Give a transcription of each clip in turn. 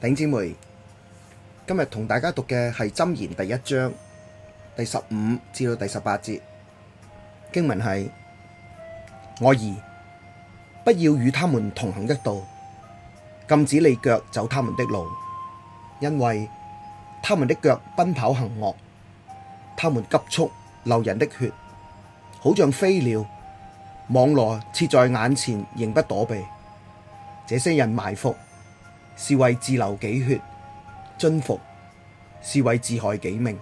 弟姐妹，今日同大家讀嘅係《箴言》第一章第十五至到第十八節經文係：我兒，不要與他們同行一道，禁止你腳走他們的路，因為他們的腳奔跑行惡，他們急速流人的血，好像飛鳥，網羅設在眼前仍不躲避，這些人埋伏。是為自流己血，蹲伏，是為自害己命。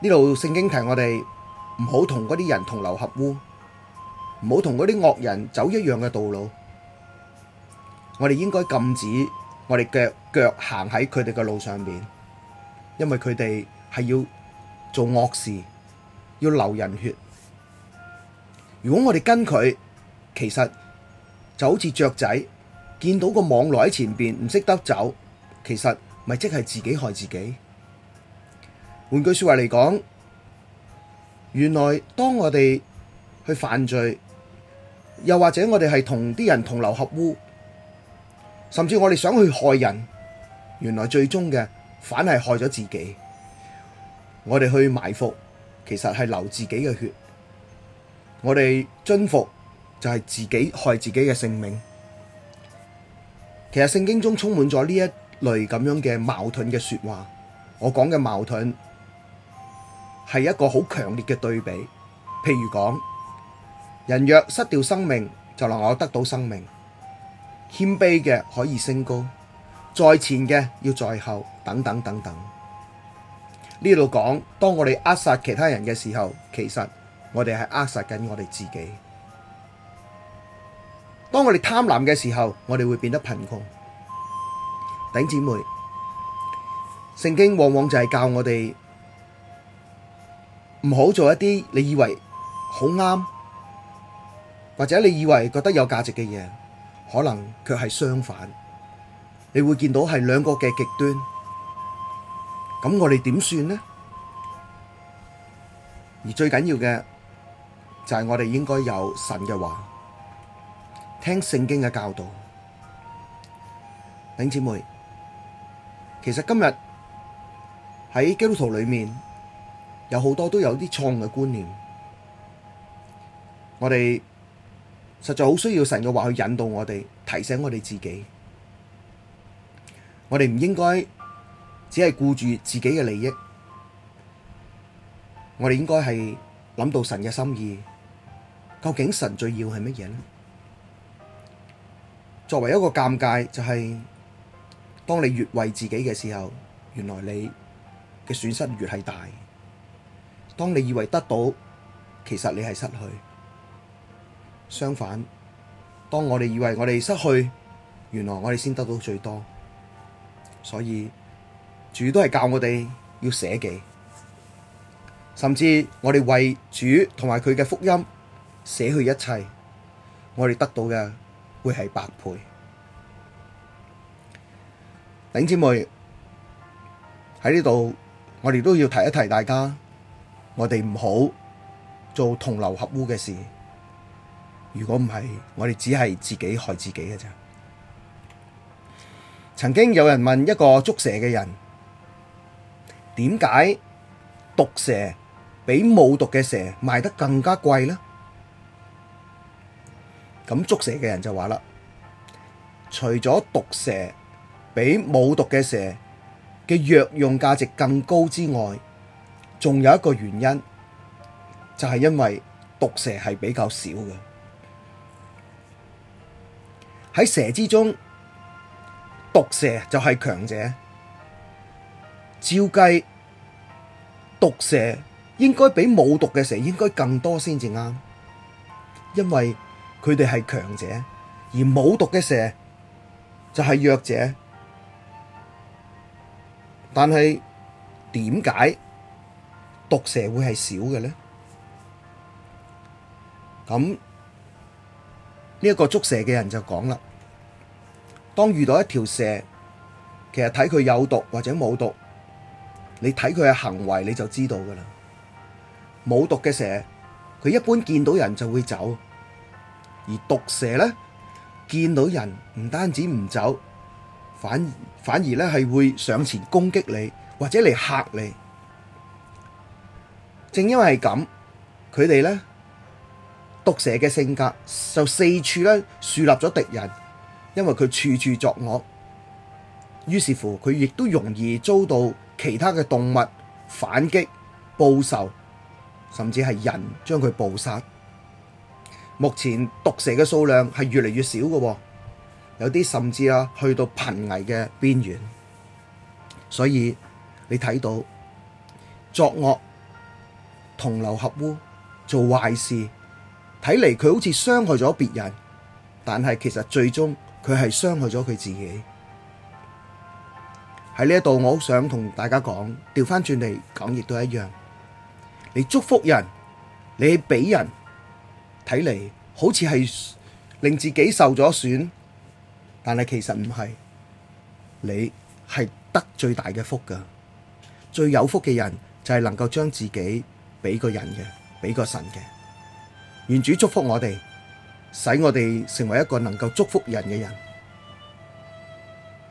呢度聖經提我哋唔好同嗰啲人同流合污，唔好同嗰啲惡人走一樣嘅道路。我哋應該禁止我哋腳腳行喺佢哋嘅路上邊，因為佢哋係要做惡事，要流人血。如果我哋跟佢，其實就好似雀仔，見到個網羅喺前邊唔識得走，其實咪即係自己害自己。換句說話嚟講，原來當我哋去犯罪，又或者我哋係同啲人同流合污，甚至我哋想去害人，原來最終嘅反係害咗自己。我哋去埋伏，其實係流自己嘅血；我哋蹲伏，就係自己害自己嘅性命。其實聖經中充滿咗呢一類咁樣嘅矛盾嘅說話，我講嘅矛盾係一個好強烈嘅對比。譬如講，人若失掉生命，就能夠得到生命；謙卑嘅可以升高，在前嘅要在後，等等等等。呢度講，當我哋扼殺其他人嘅時候，其實我哋係扼殺緊我哋自己。當我哋貪婪嘅時候，我哋會變得貧窮。弟姐妹，聖經往往就係教我哋唔好做一啲你以為好啱，或者你以為覺得有價值嘅嘢，可能卻係相反。你會見到係兩個嘅極端。咁我哋點算呢？而最緊要嘅就係我哋應該有神嘅話。聽聖經嘅教導，弟兄姊妹，其實今日喺基督徒裏面，有好多都有啲錯誤嘅觀念。我哋實在好需要神嘅話去引導我哋，提醒我哋自己。我哋唔應該只係顧住自己嘅利益，我哋應該係諗到神嘅心意。究竟神最要係乜嘢呢？作為一個尷尬，就係、是、當你越為自己嘅時候，原來你嘅損失越係大。當你以為得到，其實你係失去。相反，當我哋以為我哋失去，原來我哋先得到最多。所以主都係教我哋要捨己，甚至我哋為主同埋佢嘅福音捨去一切，我哋得到嘅。會係百倍。頂姐妹喺呢度，我哋都要提一提大家，我哋唔好做同流合污嘅事。如果唔係，我哋只係自己害自己嘅咋。曾經有人問一個捉蛇嘅人，點解毒蛇比冇毒嘅蛇賣得更加貴呢？咁捉蛇嘅人就話啦，除咗毒蛇比冇毒嘅蛇嘅藥用價值更高之外，仲有一個原因就係因為毒蛇係比較少嘅，喺蛇之中，毒蛇就係強者。照計，毒蛇應該比冇毒嘅蛇應該更多先至啱，因為。佢哋係強者，而冇毒嘅蛇就係弱者。但係點解毒蛇會係少嘅呢？咁呢一個捉蛇嘅人就講啦：當遇到一條蛇，其實睇佢有毒或者冇毒，你睇佢嘅行為你就知道噶啦。冇毒嘅蛇，佢一般見到人就會走。而毒蛇咧，見到人唔單止唔走，反反而咧係會上前攻擊你，或者嚟嚇你。正因為係咁，佢哋咧毒蛇嘅性格就四處咧樹立咗敵人，因為佢處處作惡，於是乎佢亦都容易遭到其他嘅動物反擊、報仇，甚至係人將佢捕殺。目前毒蛇嘅數量係越嚟越少嘅哦，有啲甚至啊去到瀕危嘅邊緣。所以你睇到作惡、同流合污、做壞事，睇嚟佢好似傷害咗別人，但係其實最終佢係傷害咗佢自己。喺呢一度，我好想同大家講，調翻轉嚟講亦都一樣。你祝福人，你俾人。睇嚟好似係令自己受咗損，但係其實唔係，你係得最大嘅福噶。最有福嘅人就係能夠將自己俾個人嘅，俾個神嘅。願主祝福我哋，使我哋成為一個能夠祝福人嘅人。